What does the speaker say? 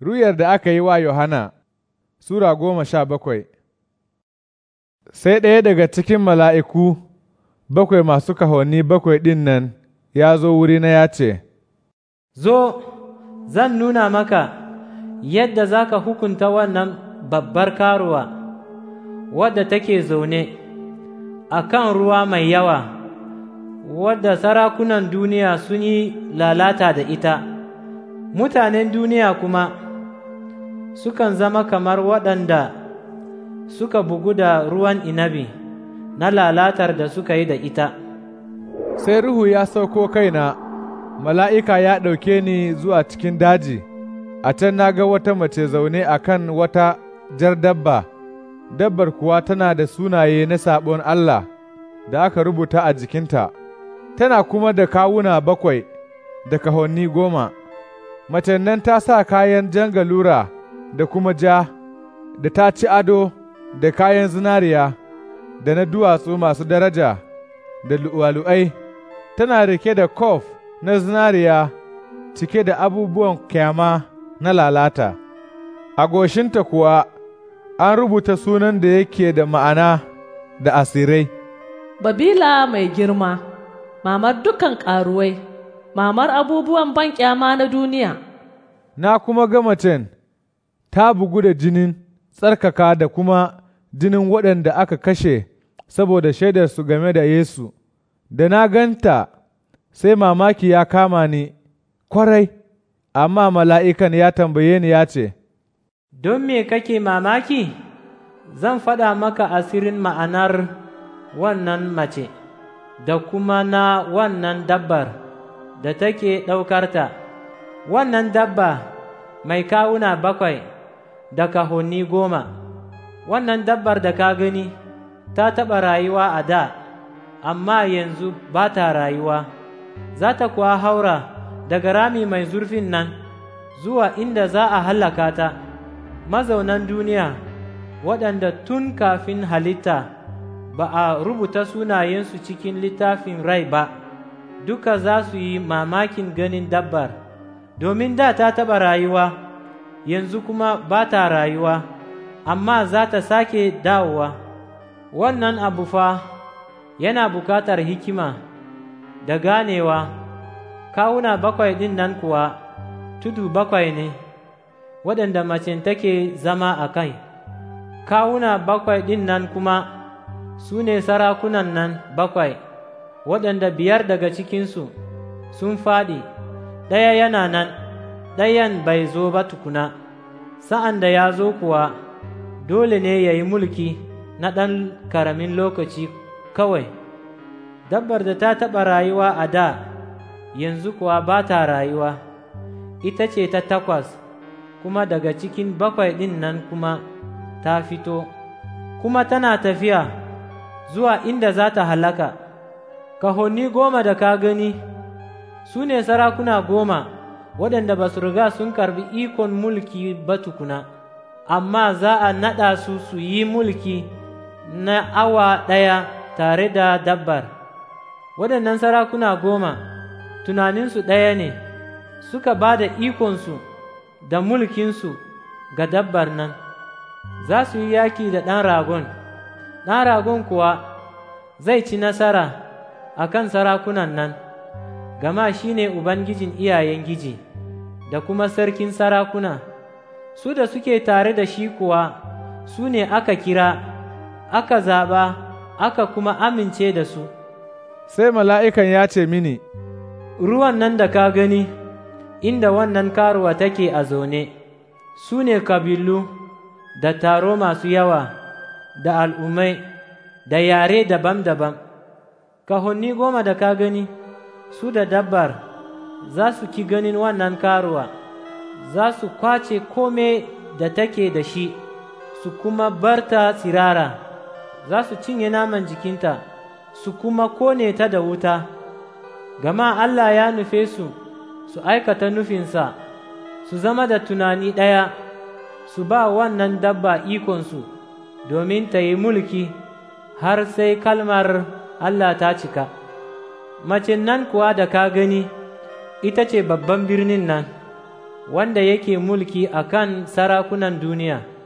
Ruyar da aka yi wa Yohana Sura goma sha bakwai Sai ɗaya daga cikin mala'iku bakwai masu kahoni bakwai ɗin nan ya zo wurina ya ce, Zo, zan nuna maka yadda za ka hukunta wannan babbar karuwa wadda take zaune a kan ruwa mai yawa wadda sarakunan duniya sun yi lalata da ita, mutanen duniya kuma sukan zama kamar waɗanda suka bugu da ruwan inabi na lalatar da suka yi da ita. Sai Ruhu ya sauko kaina, mala'ika ya ɗauke ni zuwa cikin daji, a can na ga wata mace zaune a kan wata jar dabba, dabbar kuwa tana da sunaye na sabon Allah da aka rubuta a jikinta, tana kuma da kawuna bakwai da kahonni goma. Macen nan ta sa kayan jan galura. da kuma ja, da ta ci ado da kayan zinariya, da na duwatsu masu daraja, da lu'alu'ai, tana rike da kof na zinariya cike da abubuwan kyama na lalata. A goshinta kuwa an rubuta sunan da yake da ma'ana da asirai. Babila mai girma, mamar dukan ƙaruwai, mamar abubuwan ban kyama na duniya. Na kuma ga macen. ta bugu da jinin tsarkaka da kuma jinin waɗanda aka kashe saboda shaidarsu game da Yesu, da na ganta sai mamaki ya kama ni kwarai, amma mala'ikan ya tambaye ni ya ce, Don me kake mamaki? Zan faɗa maka asirin ma'anar wannan mace da kuma na wannan dabbar da take ɗaukarta, wannan dabba mai kawuna bakwai. da kahonni goma wannan dabbar da ka gani ta taɓa rayuwa a da amma yanzu ba ta rayuwa za ta kuwa haura daga rami mai zurfin nan zuwa inda za a hallaka ta mazaunan duniya waɗanda tun kafin halitta ba a rubuta sunayensu cikin littafin rai ba duka za su yi mamakin ganin dabbar domin da ta taɓa rayuwa yanzu kuma ba ta rayuwa, amma za ta sake dawowa. Wannan abu fa yana bukatar hikima da ganewa, kawuna bakwai ɗin nan kuwa tudu bakwai ne, waɗanda macen take zama a kai. Kawuna bakwai ɗin nan kuma su ne sarakunan nan bakwai, waɗanda biyar daga cikinsu sun faɗi, ɗaya yana nan. ɗayan bai zo ba tukuna, sa'an da ya zo kuwa dole ne ya yi mulki na ɗan karamin lokaci kawai, dabbar da ta taɓa rayuwa a da yanzu kuwa ba ta rayuwa, ita ce ta takwas, kuma daga cikin bakwai ɗin nan kuma ta fito, kuma tana tafiya zuwa inda za ta halaka, kahoni goma da ka gani su ne sarakuna goma. waɗanda ba su riga sun karbi ikon mulki ba tukuna amma za a naɗa su su yi mulki na awa ɗaya tare da dabbar waɗannan sarakuna goma tunaninsu ɗaya ne suka ba da ikonsu da mulkinsu ga dabbar nan za su yi yaki da ɗan ragon ɗan ragon kuwa zai ci nasara a kan sarakunan nan gama shi ne ubangijin iyayen giji. da kuma sarkin sarakuna, su da suke tare da shi kuwa su ne aka kira, aka zaɓa, aka kuma amince da su. Sai mala'ikan ya ce mini, Ruwan nan da ka gani, inda wannan karuwa take a zaune, su ne kabilu da taro masu yawa, da al'ummai, da yare daban-daban, kahonni goma da ka gani, su da dabbar. za su ki ganin wannan karuwa za su kwace kome da take da shi su kuma barta tsirara za su cinye naman jikinta su kuma kone ta da wuta gama Allah ya nufe su su aikata nufinsa su zama da tunani ɗaya su ba wannan dabba ikonsu domin ta yi mulki har sai kalmar Allah ta cika macen nan kuwa da ka gani ita ce babban birnin nan wanda yake mulki a kan sarakunan duniya.